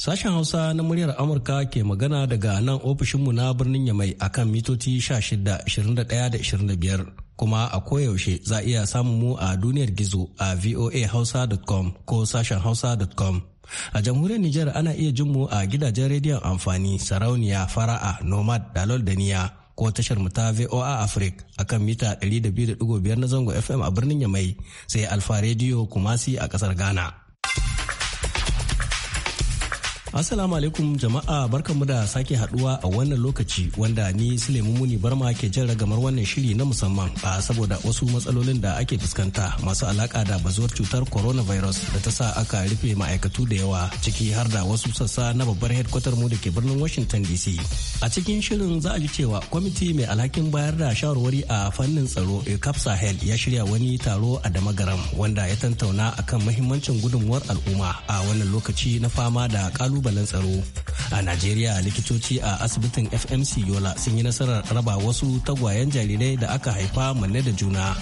Sashen Hausa na muryar Amurka ke magana daga nan ofishinmu na birnin Yamai a kan mitoci 16, 21 da biyar kuma a koyaushe za a iya samun mu a duniyar gizo a voahausa.com ko sashen hausa.com. A jamhuriyar Nijar ana iya jin mu a gidajen rediyon amfani sarauniya fara'a nomad da Daniya ko tashar mu ta VOA Africa a kan mita 200.5 na zango FM a birnin Yamai sai Alfa Rediyo Kumasi a kasar Ghana. Assalamu alaikum jama'a barkanmu da sake haduwa a wannan lokaci wanda ni Suleiman Muni Barma ke jan ragamar wannan shiri na musamman a saboda wasu matsalolin da ake fuskanta masu alaka da bazuwar cutar coronavirus da ta sa aka rufe ma'aikatu da yawa ciki har da wasu sassa na babbar headquarter mu da ke birnin Washington DC. A cikin shirin za a ji cewa kwamiti mai alhakin bayar da shawarwari a fannin tsaro ECAP Sahel ya shirya wani taro a Damagaram wanda ya tantauna akan muhimmancin gudunmuwar al'umma a wannan lokaci na fama da kalu kalubalen tsaro a najeriya likitoci a asibitin fmc yola sun yi nasarar raba wasu tagwayen jarirai da aka haifa manne da juna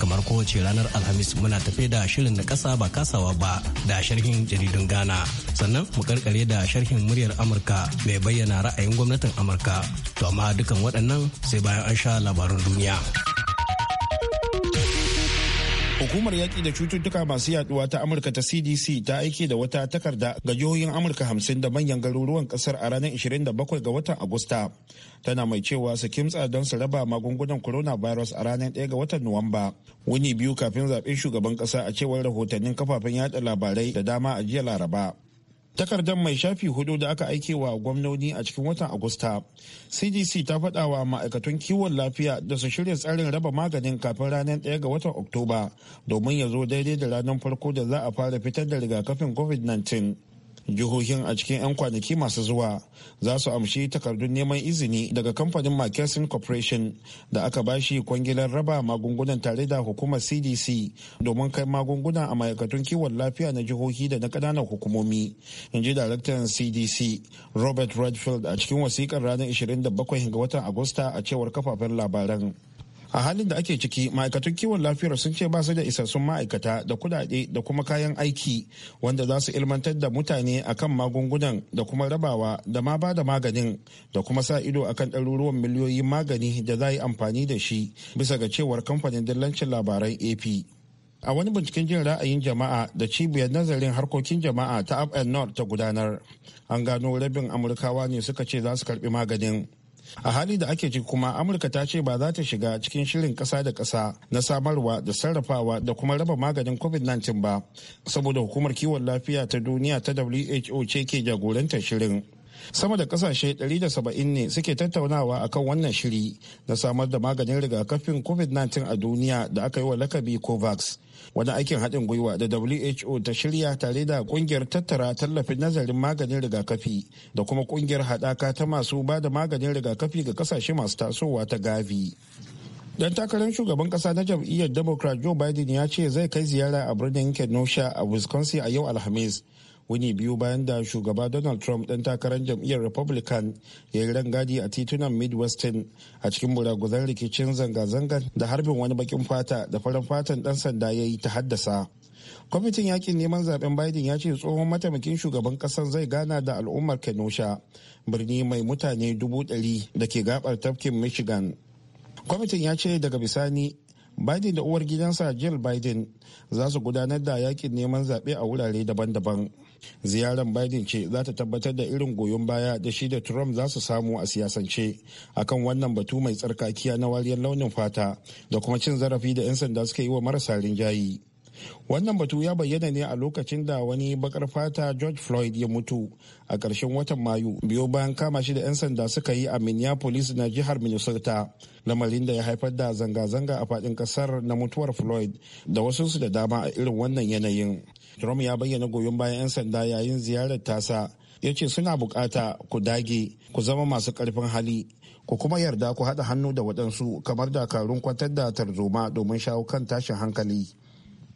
kamar kowace ranar alhamis muna tafe da shirin na kasa ba kasawa ba da sharhin jaridun ghana sannan mu karkare da sharhin muryar amurka mai bayyana ra'ayin gwamnatin amurka to amma dukan waɗannan sai bayan an sha labarun duniya. Hukumar yaƙi da cututtuka masu yaduwa ta Amurka ta CDC ta aiki da wata takarda ga jihohin Amurka hamsin da manyan garuruwan kasar a ranar da bakwai ga watan Agusta. Tana mai cewa su kimtsa don su raba magungunan coronavirus a ranar 1 ga watan Nuwamba. Wuni biyu kafin zaɓen shugaban ƙasa a cewar rahotannin kafafen yada labarai da dama a jiya Laraba. takardar mai shafi hudu da aka aike wa gwamnoni a cikin watan agusta cdc ta faɗa wa ma'aikatan kiwon lafiya da su shirya tsarin raba maganin kafin ranar ɗaya ga watan oktoba domin ya zo daidai da ranar farko da za a fara fitar da rigakafin covid-19 jihohin a cikin 'yan kwanaki masu zuwa za su amshi takardun neman izini daga kamfanin mckesson corporation da aka bashi kwangilar raba magungunan tare da hukumar cdc domin kai magunguna a ma'aikatun kiwon lafiya na jihohi da na ƙananan hukumomi in ji daraktan cdc robert redfield a cikin wasikar ranar 27 ga watan agusta a cewar kafafen labaran a halin da ake ciki ma'aikatan kiwon lafiyar sun ce ba su da isassun ma'aikata da kudade da kuma kayan aiki wanda za su ilmantar da mutane akan magungunan da kuma rabawa da ma ba da maganin da kuma sa ido akan ɗaruruwan miliyoyin magani da za yi amfani da shi bisa ga cewar kamfanin dillancin labaran ap a wani binciken jin ra'ayin jama'a da cibiyar nazarin harkokin jama'a ta up north ta gudanar an gano rabin amurkawa ne suka ce za su karbi maganin a hali da ake ji kuma amurka ta ce ba za ta shiga cikin shirin kasa da kasa na samarwa da sarrafawa da kuma raba maganin covid-19 ba saboda hukumar kiwon lafiya ta duniya ta who ce ke jagorantar shirin sama da kasashe 170 ne suke tattaunawa akan wannan shiri na samar da maganin rigakafin covid-19 a duniya da aka yi wa lakabi covax wani aikin haɗin gwiwa da who ta shirya tare da ƙungiyar tattara tallafin nazarin maganin rigakafi da kuma ƙungiyar haɗaka ta masu ba da maganin rigakafi ga kasashe masu tasowa ta gavi dan takarar shugaban kasa na jam'iyyar democrat joe biden ya ce zai kai ziyara a birnin kenosha a wisconsin a yau alhamis wuni biyu bayan da shugaba donald trump ɗan takarar jam'iyyar republican ya yi rangadi a titunan midwestern a cikin buraguzan rikicin zanga-zangar da harbin wani bakin fata da farin fatan ɗan sanda ya yi ta haddasa kwamitin yakin neman zaben biden ya ce tsohon mataimakin shugaban kasan zai gana da al'ummar kenosha birni mai mutane dubu ɗari da ke gabar tafkin michigan kwamitin ya ce daga bisani biden da uwar gidansa jill biden za su gudanar da yakin neman zaɓe a wurare daban-daban ziyarar biden ce za ta tabbatar da irin goyon baya da shi da trump za su samu a siyasance akan wannan batu mai tsarkakiya na wariyar launin fata da kuma cin zarafi da 'yan sanda suka yi wa marasa rinjayi wannan batu ya bayyana ne a lokacin da wani bakar fata george floyd ya mutu a ƙarshen watan mayu biyo bayan kama shi da 'yan sanda suka yi a minneapolis na jihar minnesota lamarin da ya haifar da zanga-zanga a faɗin ƙasar na mutuwar floyd da wasu su da dama a irin wannan yanayin Trump ya bayyana goyon bayan 'yan sanda yayin ziyarar tasa ya ce suna bukata ku dage ku zama masu karfin hali ku kuma yarda ku haɗa hannu da waɗansu kamar dakarun kwantar da tarzoma domin shawo kan tashin hankali.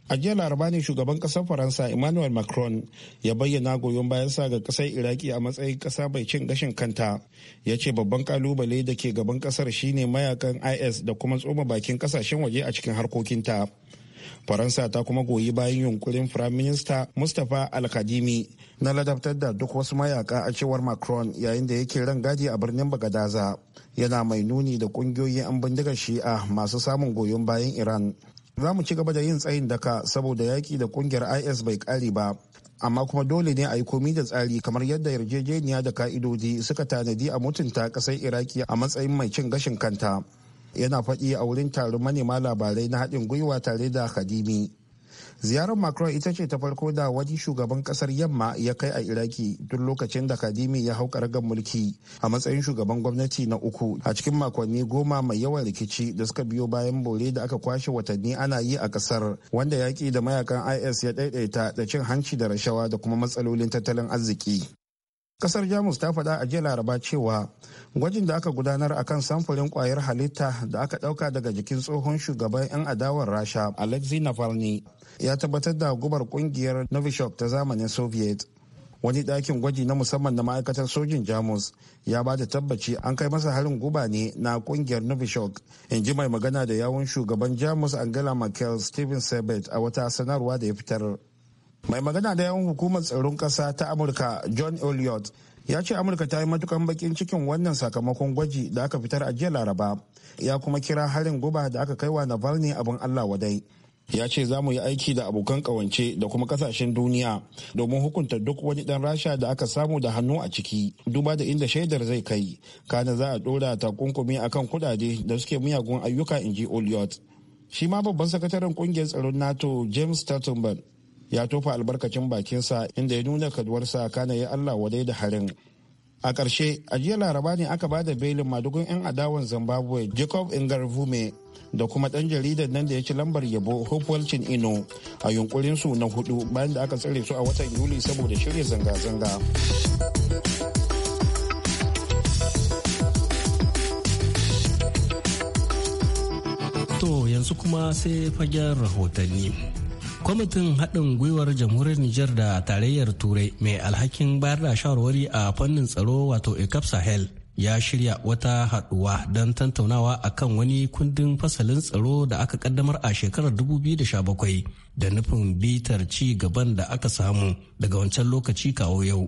a jiya laraba ne shugaban kasar faransa emmanuel macron ya bayyana goyon bayan sa ga kasar iraki a matsayin kasa bai cin gashin kanta ya ce babban kalubale da ke gaban kasar shine mayakan is da kuma tsoma bakin kasashen waje a cikin harkokinta faransa ta kuma goyi bayan yunkurin firaminista mustapha alkadimi na ladabtar da duk wasu mayaka a cewar macron yayin da yake ran gadi a birnin bagadaza yana mai nuni da kungiyoyin an bindigar shi'a masu samun goyon bayan iran za mu ci gaba da yin tsayin daka saboda yaƙi da kungiyar is bai kare ba amma kuma dole ne a yi komi da tsari kamar yadda yarjejeniya da ka'idodi suka tanadi a mutunta ƙasar iraki a matsayin mai cin gashin kanta yana faɗi a wurin taron manema labarai na haɗin gwiwa tare da kadimi ziyarar macron ita ce ta farko da wani shugaban kasar yamma ya kai a iraki duk lokacin da kadimi ya hau karagar mulki a matsayin shugaban gwamnati na uku a cikin makonni goma mai yawan rikici da suka biyo bayan bore da aka kwashe watanni ana yi a kasar wanda yaƙi da mayakan is ya ɗaiɗaita da cin hanci da rashawa da kuma matsalolin tattalin arziki kasar jamus ta faɗa a jiya laraba cewa gwajin da aka gudanar a kan samfurin kwayar halitta da aka ɗauka daga jikin tsohon shugaban 'yan adawar rasha alexei navalny ya tabbatar da gubar kungiyar novichok ta zamanin soviet wani ɗakin gwaji na musamman na ma'aikatar sojin jamus ya ba da tabbaci an kai masa harin guba ne na kungiyar novichok in ji mai magana da yawun shugaban jamus angela merkel steven sebet a wata sanarwa da ya fitar mai magana da yawan hukumar tsaron kasa ta amurka john elliot ya ce amurka ta yi matukan bakin cikin wannan sakamakon gwaji da aka fitar a jiya laraba ya kuma kira harin guba da aka kai wa navalny abin allah wadai ya ce za mu yi aiki da abokan kawance da kuma kasashen duniya domin hukunta duk wani dan rasha da aka samu da hannu a ciki duba da inda shaidar zai kai kana za a dora takunkumi kan kudade da suke miyagun ayyuka in ji oliot shi ma babban sakataren kungiyar tsaron nato james stoltenberg ya tofa albarkacin bakinsa inda ya nuna kaduwarsa kana ya Allah wadai da harin. A ƙarshe, a jiya laraba ne aka bada belin madugun 'yan adawan Zimbabwe Jacob Ingarvume da kuma ɗan jaridar nan da ya ci lambar yabo Hopewell Ino a yunkurin su na hudu bayan da aka tsare su a watan Yuli saboda shirya zanga-zanga. To yanzu kuma sai fagen rahotanni. kwamitin haɗin gwiwar jamhuriyar niger da tarayyar turai mai alhakin bayar da shawarwari a fannin tsaro wato ecap sahel ya shirya wata haɗuwa don tantaunawa kan wani kundin fasalin tsaro da aka kaddamar a shekarar 2017 da nufin bitar ci gaban da aka samu daga wancan lokaci kawo yau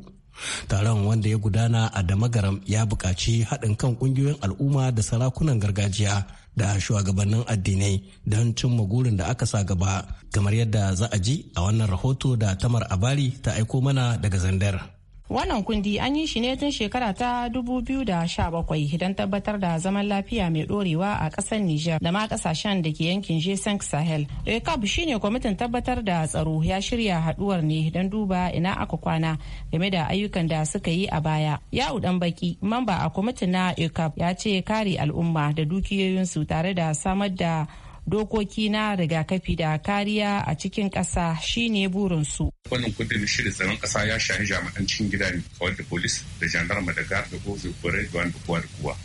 taron wanda ya gudana a damagaram ya buƙaci haɗin kan ƙungiyoyin al'umma da sarakunan gargajiya da shugabannin addinai don cimma gurin da aka sa gaba kamar yadda za a ji a wannan rahoto da tamar abari ta aiko mana daga zandar. Wannan kundi an yi shi ne tun shekara ta 2017 don tabbatar da zaman lafiya mai dorewa a ƙasar niger da ma ƙasashen da ke yankin Jason Sahel. ECAP shine kwamitin tabbatar da tsaro ya shirya haduwar ne don duba ina aka kwana game da ayyukan da suka yi a baya. ya udan baki mamba a kwamitin na ECAP ya ce kare al'umma da dukiyoyinsu tare da samar da dokoki na rigakafi da kariya a cikin ƙasa shine burinsu. Wannan kudin shirin tsaron ƙasa ya shahi jami'an cikin gida ne kawai da polis da jandarma da gar da gozo kore da wanda kowa da kowa.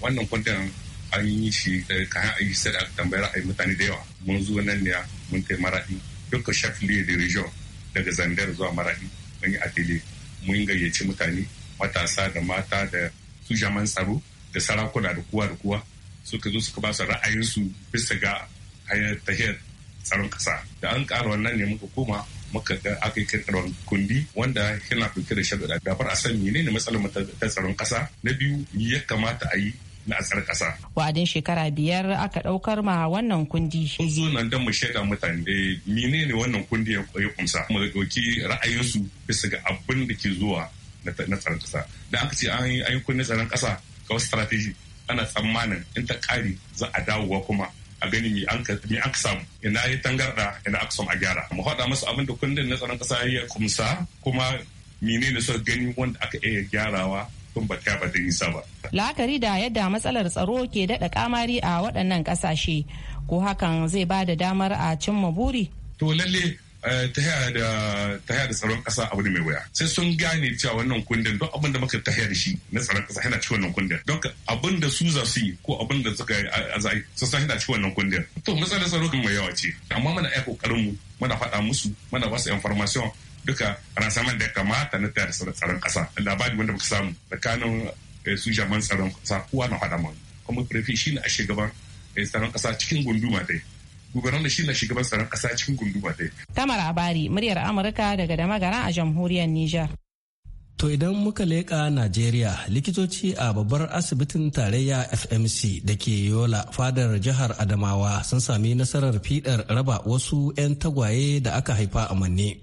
Wannan kudin an yi shi eh, kayan ayi sai da tambayar a mutane da yawa mun zo nan ne mun kai maraɗi duka le da region daga zandar zuwa maraɗi mun yi atelier mun gayyaci mutane matasa da mata da su jaman tsaro da sarakuna da kowa da kowa suka zo suka ba su ra'ayinsu bisa ga hanyar tahiyar tsaron kasa da an ƙara wannan ne muka koma muka ga aka yi kundi wanda yana ɗauke da sharuɗa da a san menene matsalar ta tsaron kasa na biyu ya kamata a yi na asar kasa. Wa'adin shekara biyar aka ɗaukar ma wannan kundi. Sun zo nan don mu shaida mutane eh, mene ne wannan kundi ya kumsa da ɗauki ra'ayinsu bisa ga abin da ke zuwa na tsaron kasa. Da aka ce an yi kundin tsaron kasa ga wasu strategy ana tsammanin in ta kare za a dawowa kuma a gani me an ka samu ina ya tangarda ina aka samu a gyara mu faɗa masu abin da kundin na tsaron ƙasa ya kumsa kuma menene suka gani wanda aka iya gyarawa tun ba ta da nisa ba. La'akari da yadda matsalar tsaro ke daɗa kamari a waɗannan ƙasashe ko hakan zai ba da damar a cimma buri. To lalle Eh, tahiya da tsaron kasa abu ne mai wuya sai sun gane cewa wannan kundin don abin da muka tahiya da shi na tsaron kasa yana ci wannan kundin don abin da su za su yi ko abin da suka yi a zai san yana ci wannan kundin to matsalar tsaro kuma yawa ce amma muna iya kokarin mu muna faɗa musu muna ba su information duka ransaman da kamata na taya da tsaron kasa labari wanda muka samu tsakanin eh, su jaman tsaron kasa kowa na faɗa mu kuma prefi shi ne a shugaban eh, tsaron kasa cikin gunduma dai da shi na shugaban tsaron ƙasa cikin gunduma ɗaya. Tamar Abari, muryar Amurka daga Damagara a jamhuriyar Nijar. To idan muka leƙa Najeriya likitoci a babbar asibitin tarayya FMC da ke Yola fadar jihar Adamawa sun sami nasarar fidar raba wasu 'yan tagwaye da aka haifa a manne.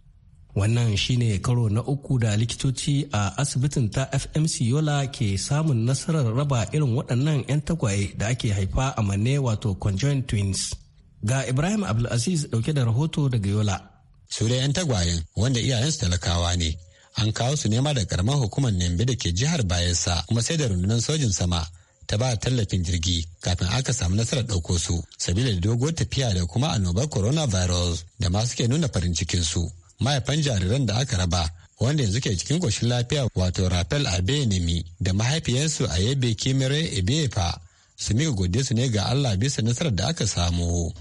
Wannan shine karo na uku da likitoci a asibitin ta FMC Yola ke samun nasarar raba irin waɗannan 'yan tagwaye da ake haifa a manne wato conjoint twins. Ga Ibrahim Abdulaziz ɗauke da rahoto daga Yola. Su 'yan tagwayen wanda iyayensu talakawa ne. An kawo su nema da karamar hukumar Nembe da ke jihar Bayelsa kuma sai da rundunar sojin sama ta ba tallafin jirgi kafin aka samu nasarar ɗauko su sabila da doguwar tafiya da kuma annobar coronavirus da masu ke nuna farin cikin su. Mahaifan jariran da aka raba wanda yanzu ke cikin koshin lafiya wato Rafael Abenemi da mahaifiyarsu a Yebe Kimere Ebefa su miƙa godiya su ne ga Allah bisa nasarar da aka samu.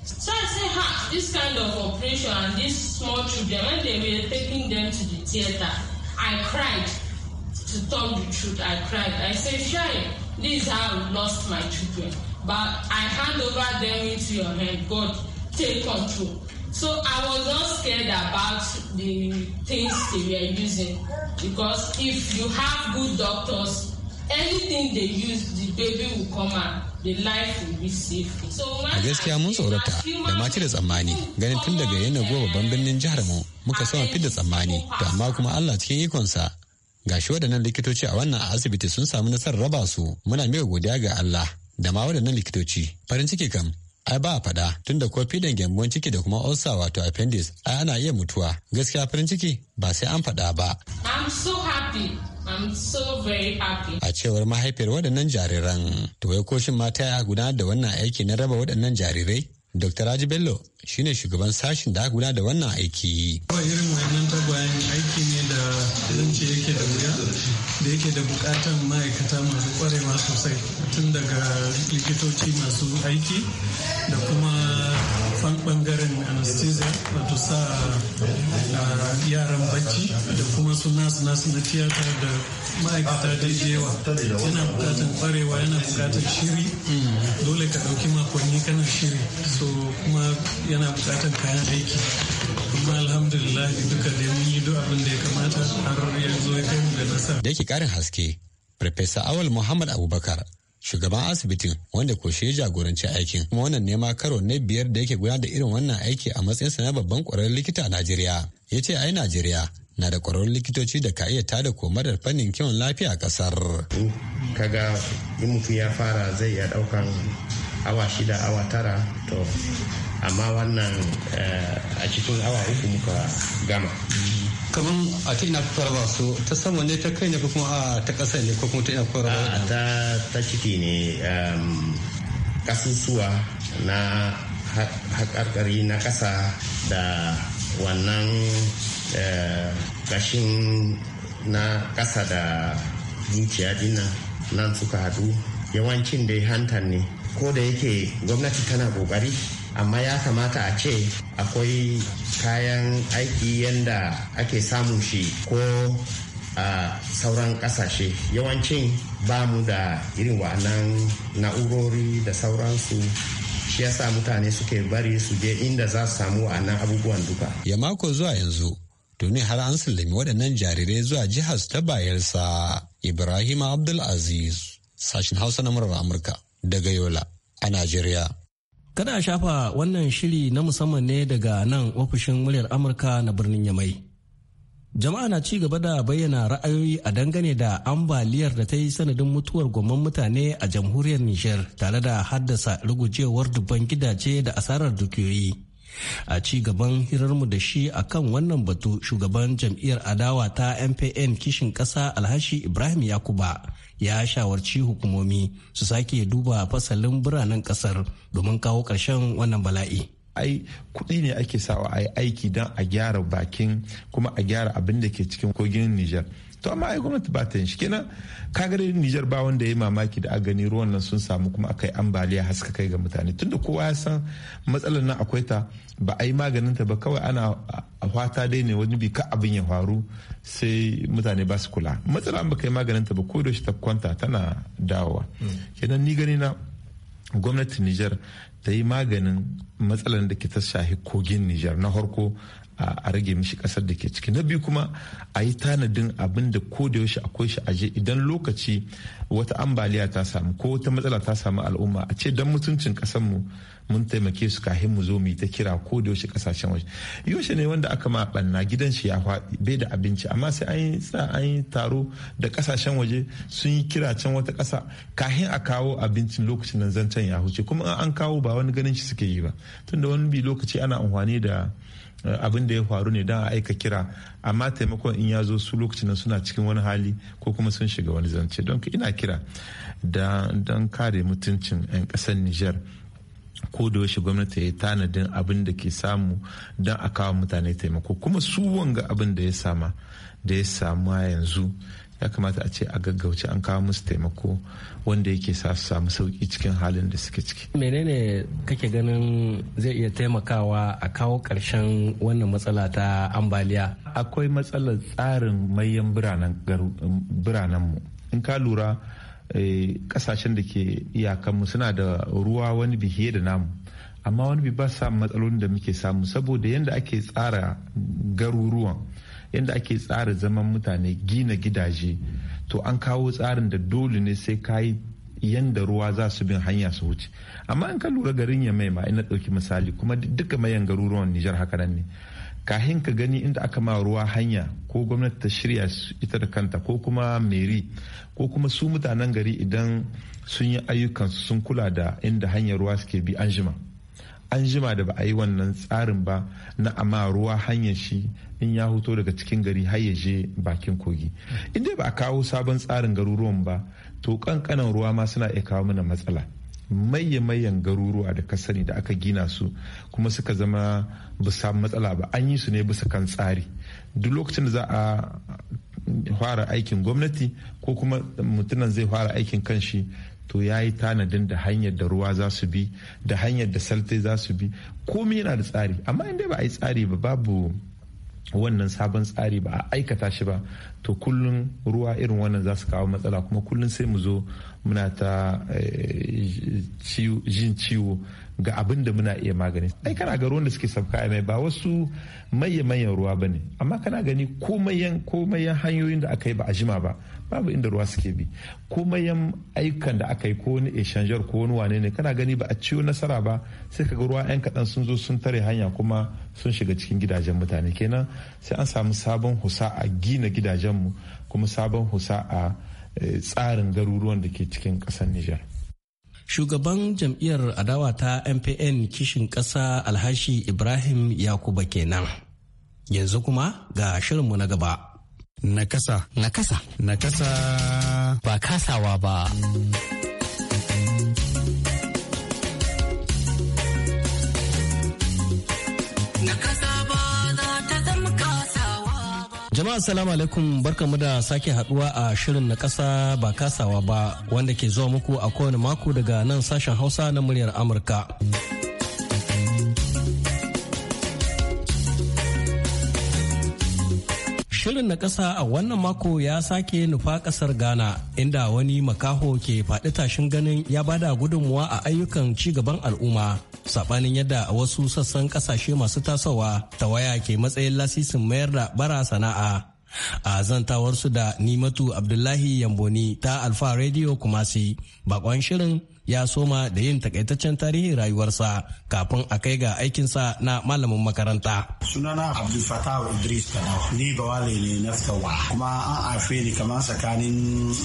This kind of operation and these small children, when they were taking them to the theater, I cried to tell the truth. I cried. I said, Shine, this is how I lost my children. But I hand over them into your hand. God, take control. So I was not scared about the things they were using because if you have good doctors, a gaskiya mun tsorata da mati da tsammani ganin tun daga yana goma babban birnin jihar mu muka sama fi da tsammani to amma kuma Allah cikin ikonsa gashi waɗannan likitoci a wannan asibiti sun samu nasarar raba su muna miƙa godiya ga Allah da ma waɗannan likitoci farin ciki kam ai ba a fada tunda ko fidan gyambon ciki da kuma ulcer wato appendix ai ana iya mutuwa gaskiya farin ciki ba sai an fada ba i'm so happy I'm so very happy. A cewar mahaifiyar waɗannan jariran, to wai koshin mata ya gudanar da wannan aiki na raba waɗannan jarirai Dr. Raji Bello ne shugaban sashen da aka guda da wannan aiki. Kawai irin wannan tagwayen aiki ne da zance yake da wuya da yake da bukatan ma'aikata masu kwarewa sosai tun daga likitoci masu aiki da kuma bangaren anesthesia wato sa eh, yaran bacci da kuma su nasu nasu na tiyata da ma'aikata da yawa yana bukatar kwarewa yana bukatar shiri dole ka dauki makonni kana shiri so kuma yana bukatar kayan aiki kuma alhamdulillah duka da mun yi duk abin da ya kamata har yanzu ya kai mu da nasara da yake karin haske Farfesa Awal Muhammad Abubakar shugaban asibitin wanda ko shi jagoranci aikin kuma wannan nema karo na biyar da yake gudanar da irin wannan aiki a matsayin sa na babban kwararren likita a najeriya ya ce ai najeriya na da kwararrun likitoci da ka iya tada komadar fannin kiwon lafiya a kasar kaga in mutum ya fara zai iya daukan awa shida awa tara to amma wannan eh, a cikin awa uku muka gama kamar a ta ina kuka ba su ta sama ne ta kai ne kuma a ta ƙasa ne kuma ta ina ta ciki ne kasusuwa um, na haƙarƙari na ƙasa da wannan gashin eh, na ƙasa da zuciya dina nan suka haɗu yawancin dai hantar ne ko da yake gwamnati tana ƙoƙari amma ya kamata a ce akwai kayan aiki yadda ake samu shi ko a sauran kasashe yawancin ba mu da irin wa'annan na'urori da sauransu shi yasa mutane suke bari su je inda za su samu wa'annan abubuwan duka ya mako zuwa yanzu domin har an sallami waɗannan jarirai zuwa jihar ta bayelsa ibrahim abdulaziz sashen hausa na murar amurka daga yola a najeriya Kada a shafa wannan shiri na musamman ne daga nan ofishin muryar Amurka na birnin Yamai. Jama'a na ci gaba da bayyana ra'ayoyi a dangane da ambaliyar da ta yi sanadin mutuwar gwamman mutane a jamhuriyar Nijar tare da haddasa rugujewar dubban gidaje da asarar dukiyoyi. A ci gaban hirarmu da shi a kan wannan batu shugaban jam'iyyar adawa ta MPN kishin ƙasa Alhashi Ibrahim Yakuba ya shawarci hukumomi su sake duba fasalin biranen kasar domin kawo karshen wannan bala'i. ai kuɗi ne ake sawa a aiki don a gyara bakin kuma a gyara abin da ke cikin kogin Nijar. to amma ai gwamnati ba ta yin shi kenan gare Nijar ba wanda ya mamaki da a gani ruwan nan sun samu kuma akai ambaliya haska kai ga mutane tunda kowa ya san matsalar nan akwai ta ba a yi maganin ta ba kawai ana a fata dai ne wani bi ka abin ya faru sai mutane ba su kula matsala ba kai maganinta ba ko da shi ta kwanta tana dawowa kenan ni gani na gwamnatin Nijar ta yi maganin matsalar da ke ta shahi kogin Nijar na harko a rage mishi kasar da ke ciki na biyu kuma a yi tanadin abin da ko da yaushe akwai shi aje idan lokaci wata ambaliya ta samu ko wata matsala ta samu al'umma a ce don mutuncin kasar mu mun taimake su kafin mu zo mu yi ta kira ko da yaushe kasashen waje yaushe ne wanda aka ma banna gidan shi ya faɗi bai da abinci amma sai an yi sa an yi taro da kasashen waje sun yi kira can wata ƙasa kafin a kawo abincin lokacin nan zancen ya huce kuma an kawo ba wani ganin shi suke yi ba tunda wani bi lokaci ana amfani da eh, abin da ya faru ne don a aika kira amma taimakon in ya zo su lokacin nan suna cikin wani hali ko kuma sun shiga wani zance don ina kira don kare mutuncin 'yan kasar niger ko da yaushe gwamnati ya tanadin abin da ke samu don a kawo mutane taimako kuma su wanga abin da ya sama da ya samu yanzu ya kamata a ce a gaggauce an kawo musu taimako wanda yake sa su samu sauki cikin halin da suke ciki. menene kake ganin zai iya taimakawa a kawo ƙarshen wannan matsala ta ambaliya akwai matsalar tsarin mayan biranenmu in ka lura Eh, kasashen da ke iyakanmu suna da ruwa wani bihiye da namu amma wani bi ba sa matsalolin da muke samu saboda yadda ake tsara garuruwan yadda ake tsara zaman mutane gina gidaje to an kawo tsarin da dole ne sai ka yi yadda ruwa za su bin hanya su wuce amma an ka lura garin ya mai ma ina ɗauki misali kuma duka mayan garuruwan nijar haka nan ne kahin ka gani inda aka ma ruwa hanya ko gwamnati ta shirya ita da kanta ko kuma meri ko kuma su mutanen gari idan sun yi ayyukansu sun kula da inda hanyar ruwa suke bi an jima an jima da ba a yi wannan tsarin ba na ama ruwa hanyar shi in ya huto daga cikin gari har ya je bakin kogi inda ba a kawo sabon tsarin garuruwan ba to kankanan ruwa ma suna iya kawo mana matsala maye mayyan garuruwa da ka sani da aka gina su kuma suka zama bisa matsala ba an yi su ne bisa kan tsari duk lokacin da za a fara aikin gwamnati ko kuma mutumin zai fara aikin kanshi to ya yi tanadin da hanyar da ruwa za su bi da hanyar da salte za su bi komai yana da tsari amma inda ba a yi tsari ba babu wannan sabon tsari ba a aikata shi ba to kullum ruwa irin wannan za su kawo matsala kuma kullum sai mu zo muna ta eh, jin ciwo ga abin da muna iya magani ai kana ga ruwan da suke sabka mai ba wasu maye manyan ruwa ba ne amma kana gani komayen hanyoyin da aka yi ba a jima ba babu inda ruwa suke bi komayen aikan da aka yi ko wani exchanger ko wani wane ne kana gani ba a ciwo nasara ba sai ka ga ruwa yan kaɗan sun zo sun tare hanya kuma sun shiga cikin gidajen mutane kenan sai an samu sabon husa a gina gidajenmu kuma sabon husa a Eh, tsarin garuruwan da ke cikin ƙasar Nijar. Shugaban jam'iyyar adawa ta MPN kishin ƙasa Alhashi Ibrahim Yakuba kenan. Yanzu kuma ga shirinmu na gaba. Nakasa. Nakasa. Nakasa. Ba kasawa ba. assalamu alaikum barkamu da sake haduwa a shirin na kasa ba kasawa ba wanda ke zuwa muku a kowane mako daga nan sashen Hausa na muryar Amurka. Shirin na ƙasa a wannan mako ya sake nufa ƙasar Ghana inda wani makaho ke faɗi tashin ganin ya bada gudunmuwa a ayyukan ci gaban al'umma. Saɓanin yadda wasu sassan ƙasashe masu tasowa ta waya ke matsayin lasisin mayar da bara sana'a. a zantawarsu da nimatu abdullahi yamboni ta alfa radio kumasi bakon shirin ya soma da yin takaitaccen tarihin rayuwarsa kafin a kai ga aikinsa na malamin makaranta. Sunana Abdul Fatawa Idris Kanafu ni bawale ne na Fatawa kuma an haife ni kamar tsakanin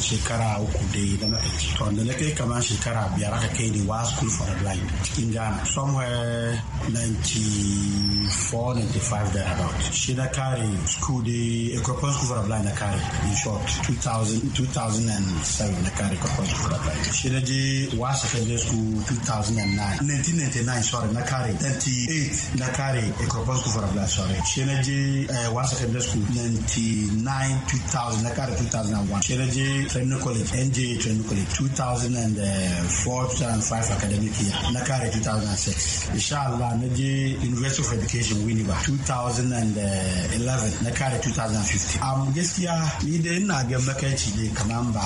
shekara uku da na ɗauki. To wanda na kai kamar shekara biyar aka kai ni wa school for the blind cikin Ghana somewhere 94-95 about. Shi na kare school da Ekwapan school for the blind na kare in short 2007 na kare Ekwapan school for the blind. Shi na je wa na secondary school 2009 1999 sorry na kare 98 na kare ekropon school for abla sorry shi na je eh, secondary school 99 2000 na 2001 shi training college nj training college 2004 2005 academic year na 2006 insha Allah university of education winneba 2011 na 2015 am gaskiya ni da ina ga makaici ne kaman ba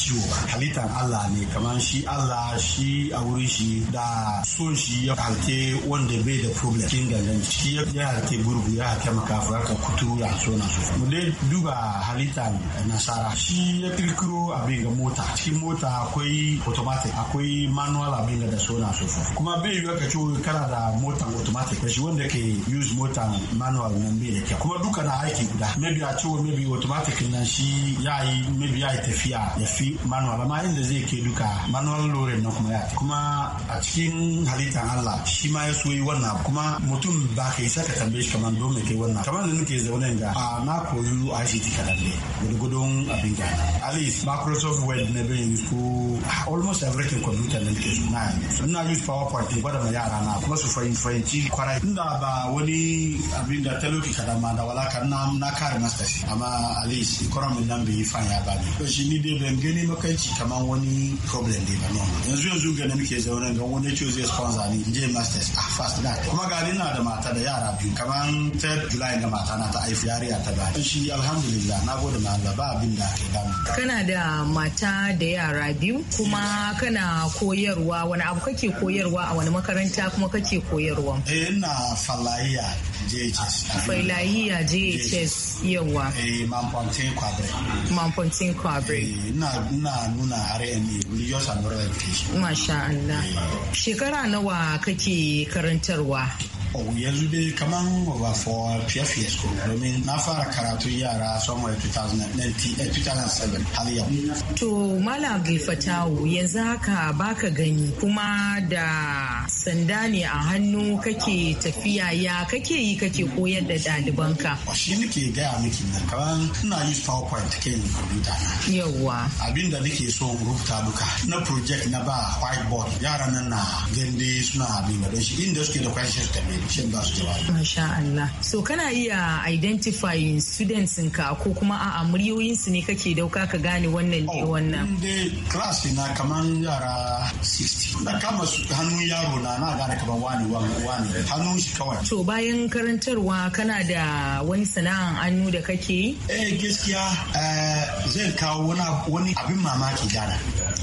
ciwo ba halittar Allah ne kaman shi Allah shi a wurin shi da son shi ya harke wanda bai da problem cikin gangan shi ya harke gurgu ya harke makafu ya kuturu ya so na so mu dai duba halitta nasara shi ya kirkiro abin ga mota cikin mota akwai automatic akwai manual abin ga da so na so kuma bai yi ka kana da motan automatic shi wanda ke use mota manual nan bai da kyau kuma duka na aiki guda maybe a ce maybe automatic nan shi ya yi maybe ya yi tafiya ya fi manual amma inda zai ke duka manual al'amuran nan kuma ya kuma a cikin halittar Allah shi ma ya so yi wannan kuma mutum ba ka isa ka tambaye shi kamar don me kai wannan kamar da nake zaune ga a na koyi a shi tika lalle gudugudun abin ga Alice Microsoft Word na yi ko almost everything computer na ke so na suna use PowerPoint ne gwada ma yara na kuma su fahimci kwarai inda ba wani abin da ta lokaci kadan ma da wala ka na kare masa shi amma Alice ikoramin nan bai yi fan ya ba ne to shi ni dai ban gani makanci kamar wani problem dai ba ne yanzu yanzu ga muke zaune ga wani ciwo zai sponsor ni je masters a ah, fast da kuma ga na da mata da yara biyu kaman third july ga mata na ta haifi yariya ta gani shi alhamdulillah na gode ma Allah ba abin da ke damu kana da mata da yara biyu kuma kana koyarwa wani abu kake koyarwa a wani makaranta kuma kake koyarwa eh ina fallahiya jhs akwai lahiya jhs yawa eh, mampontin kwabre mampontin kwabre eh, ina nuna rna religious and moral education masha allah eh. shekara nawa kake karantarwa oh, yanzu dai kaman over for pfs ko domin na fara karatun yara somewhere 2007 har yau to malam abdul fatawu yanzu haka baka gani kuma da sanda ne a hannu kake tafiya ya kake yi kake koyar da ɗalibanka. Shi nake gaya miki na kaman ina yi PowerPoint ke yin kwamfuta na. Yawwa. Abin da nake so rubuta duka na project na ba whiteboard yara nan na gande suna abin da shi inda suke da questions da mai shi ba su jawabi. Masha Allah. So kana iya identifying students ka ko kuma a'a muryoyinsu ne kake dauka ka gane wannan ne oh, wannan. Oh, class na kaman yara 60. Na kama hannun yaro na na gane kamar wani wani hannun shi kawai. To bayan karantarwa kana da wani sana'an hannu da kake yi? Eh gaskiya eh, zai kawo wani abin mamaki gana.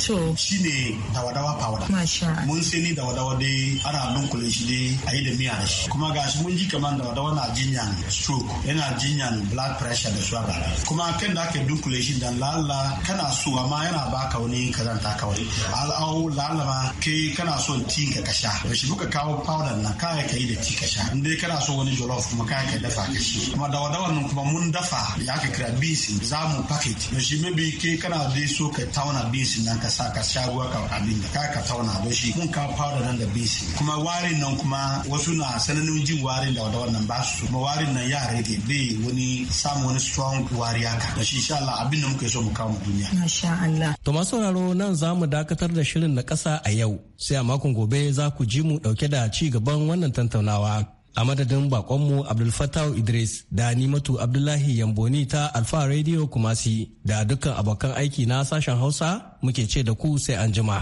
To. Shi ne dawadawa fawada. Masha. Mun sai ni dawadawa dai ana nunkule shi dai a yi da miya da shi. Kuma shi mun ji kamar dawadawa na jinyan stroke yana jinyan blood pressure da ba. Kuma kan da ake dunkule shi da lalla kana so amma yana baka wani kazanta kawai. Al'au ma kai kana son tinka ka sha. shi muka kawo powder na kaya ka yi da ci ka sha in dai kana so wani jollof kuma kaya ka dafa ka shi kuma dawa dawan nan kuma mun dafa ya ka kira beans za mu packet shi maybe ke kana dai so ka tauna beans nan ka sa ka sha ruwa ka abin da ka tauna don shi mun kawo powder nan da beans kuma warin nan kuma wasu na sananin jin warin dawa dawan nan ba su kuma warin nan ya rage bai wani samu wani strong wariya ka da shi insha Allah abin da muka so mu kawo duniya. Masha Allah. To masu sauraro nan za mu dakatar da shirin na ƙasa a yau. sai a makon gobe za ku ji mu dauke da ci gaban wannan tantaunawa a madadin bakonmu abdulfatah idris da nimatu abdullahi yamboni ta alfa radio kumasi da dukkan abokan aiki na sashen hausa muke ce da ku sai an jima.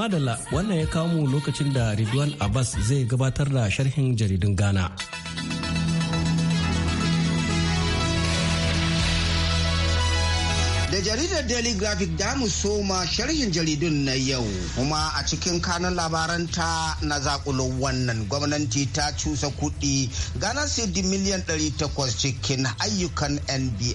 Madalla wannan ya kawo mu lokacin da Ridwan Abbas zai gabatar da sharhin jaridun Ghana. daily graphic da mu soma sharhin jaridun na yau kuma a cikin kanun labaranta na zakulo wannan gwamnati ta cusa kuɗi gana sidi miliyan 800 cikin ayyukan nbi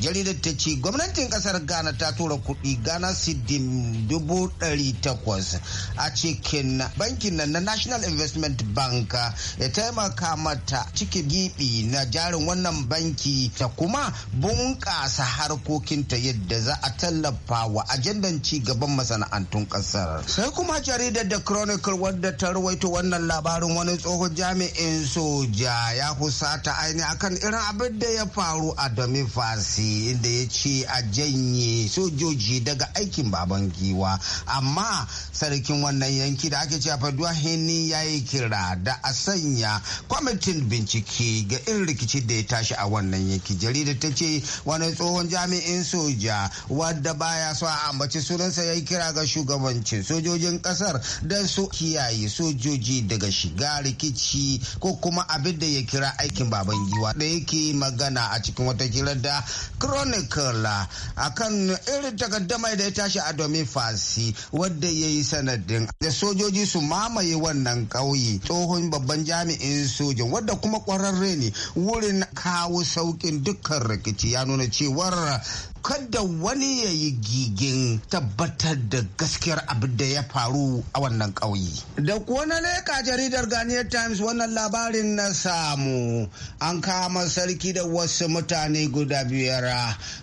jaridar ta ce gwamnatin kasar ghana ta tura kuɗi gana sidi 800 a cikin bankin nan na national investment bank ya taimaka mata cikin gibi na jarin wannan banki ta kuma bunƙasa harkokinta yadda za a tallafa wa ajandan ci gaban masana'antun kasar sai kuma jaridar da chronicle wadda ta rawaito wannan labarin wani tsohon jami'in soja ya ta aini akan irin abin da ya faru a domin inda ya ce a janye sojoji daga aikin baban giwa amma sarkin wannan yanki da ake cewa faduwa hini ya yi kira da a sanya kwamitin bincike ga irin rikici da ya tashi a wannan yanki jaridar ta ce wani tsohon jami'in soja wadda baya so a ambaci sunansa ya yi kira ga shugabancin sojojin kasar don su kiyaye sojoji daga shiga rikici ko kuma abin da ya kira aikin baban giwa da yake magana a cikin wata kira da chronicle akan irin takaddamai da ya tashi a domin fasi wadda ya yi sanadin da sojoji su mamaye wannan ƙauye tsohon babban jami'in sojin wadda kuma kwararre ne wurin kawo saukin dukkan rikici ya nuna cewar kada wani ya yi gigin tabbatar da gaskiyar abin da ya faru a wannan ƙauye. Da kuwa na leƙa jaridar Ghanaian Times wannan labarin na samu an kama sarki da wasu mutane guda biyar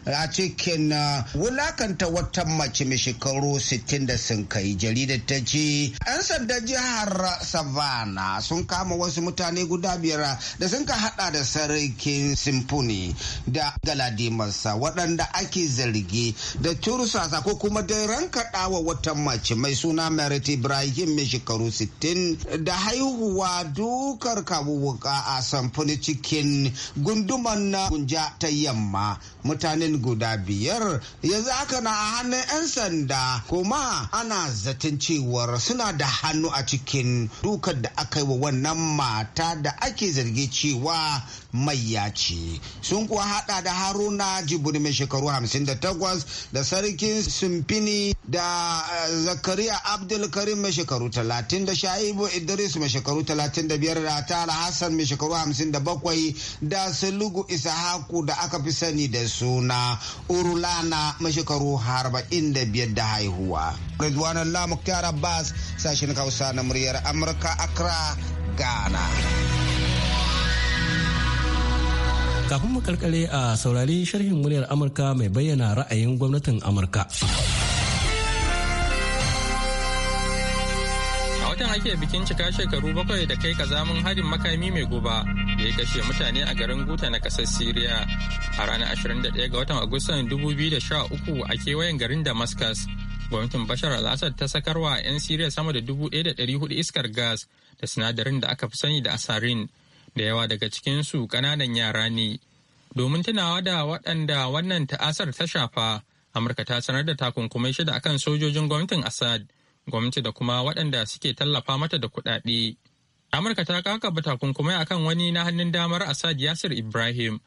a cikin uh, wulakanta wata mace mai shekaru 60 da sun kai jaridar ta ce 'yan sandan jihar Savana sun kama wasu mutane guda biyar da sun ka hada da sarkin simfoni da galadimarsa waɗanda ake ake zargi da tursasa ko kuma da rankaɗawa wata mace mai suna merit ibrahim mai shekaru 60 da haihuwa dukar kabubuka a samfuni cikin gunduman na gunja ta yamma mutanen guda biyar yanzu aka na a hannun 'yan sanda kuma ana zaton cewar suna da hannu a cikin dukar da aka yi wa wannan mata da ake zargi cewa mayyaci sun kuwa hada da haruna jibuni mai shekaru 1958 da sarkin sumfini da eh, zakariya abdulkarim mai shekaru 30 da sha'ibu idris mai shekaru 35 da tara hassan mai shekaru 57 da sulugu isahaku da aka fi sani da suna urulana mai shekaru 45 da haihuwa ridwan allah muktar abbas sashen hausa na muryar amurka accra ghana Kafin mu karkare a saurari sharhin muryar Amurka mai bayyana ra'ayin gwamnatin Amurka. A watan ake bikin cika shekaru bakwai da kai kazamin harin makami mai guba da ya kashe mutane a garin Guta na kasar Siriya a ranar 21 ga watan Agustan 2013 a kewayen garin Damascus. Gwamnatin Bashar al-Assad ta sakarwa 'yan Siriya sama da 1,400 iskar gas da sinadarin da aka fi sani da asarin. da yawa daga cikinsu ƙananan yara ne. Domin tunawa da waɗanda wannan ta'asar ta shafa, Amurka ta sanar da takunkumai shida akan sojojin gwamnatin Assad, gwamnati da kuma waɗanda suke tallafa mata da kuɗaɗe. Amurka ta kakaba takunkumai akan wani na hannun damar Assad Yasir Ibrahim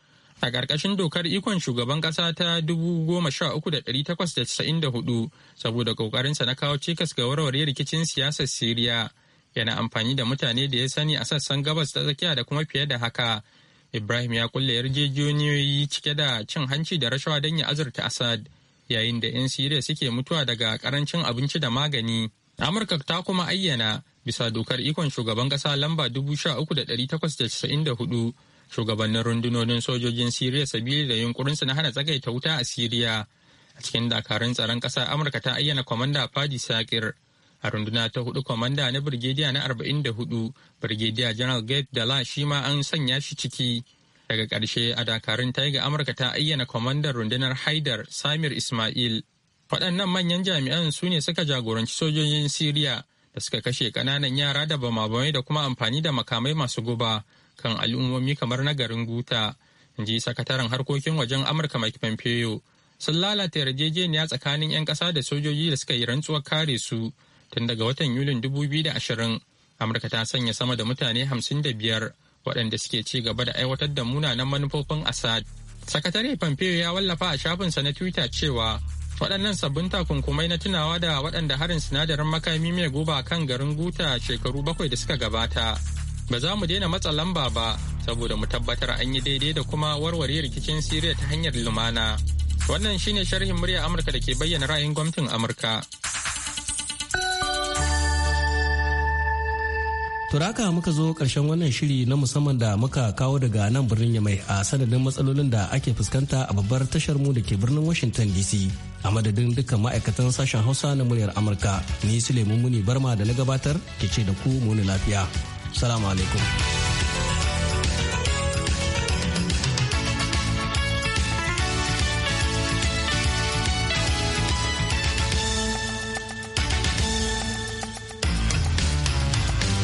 a ƙarƙashin dokar ikon shugaban ƙasa ta 13,894 saboda ƙoƙarinsa na kawo cikas ga warware rikicin siyasar Siriya. yana amfani da mutane da ya sani a sassan gabas ta tsakiya da kuma fiye da haka ibrahim ya kulle yarjejeniyoyi cike da cin hanci da rashawa don ya azurta assad yayin da 'yan siriya suke mutuwa daga karancin abinci da magani amurka ta kuma ayyana bisa dokar ikon shugaban kasa lamba hudu shugabannin rundunonin sojojin siriya sabili da yunkurinsu na hana tsagaita wuta a siriya a cikin dakarun tsaron kasa amurka ta ayyana kwamanda fadi sakir a runduna ta hudu kwamanda na birgediya na 44 birgediya general gate dala shi ma an sanya shi ciki daga ƙarshe a dakarun taiga amurka ta ayyana kwamandan rundunar haidar samir ismail waɗannan manyan jami'an su ne suka jagoranci sojojin siriya da suka kashe ƙananan yara da bamabamai da kuma amfani da makamai masu guba kan al'ummomi kamar na garin guta ji sakataren harkokin wajen amurka mai pompeo sun lalata yarjejeniya tsakanin 'yan ƙasa da sojoji da suka yi rantsuwar kare su tun daga watan yulin 2020 amurka ta sanya sama da mutane 55 waɗanda suke ci gaba da aiwatar da munanan manufofin assad sakatare pompeo ya wallafa a shafinsa na twitter cewa waɗannan sabbin takunkumai na tunawa da waɗanda harin sinadarin makami mai guba kan garin guta shekaru bakwai da suka gabata ba za mu daina matsa lamba ba saboda mu tabbatar an yi daidai da kuma warware rikicin siriya ta hanyar lumana wannan shine sharhin murya amurka da ke bayyana ra'ayin gwamnatin amurka turaka muka zo karshen wannan shiri na musamman da muka kawo daga nan birnin mai a sanadin matsalolin da ake fuskanta a babbar tashar mu da ke birnin washington dc a madadin dukkan ma'aikatan sashen hausa na muryar amurka ni sulaimun muni barma da na gabatar ke ce da ku muni lafiya salamu alaikum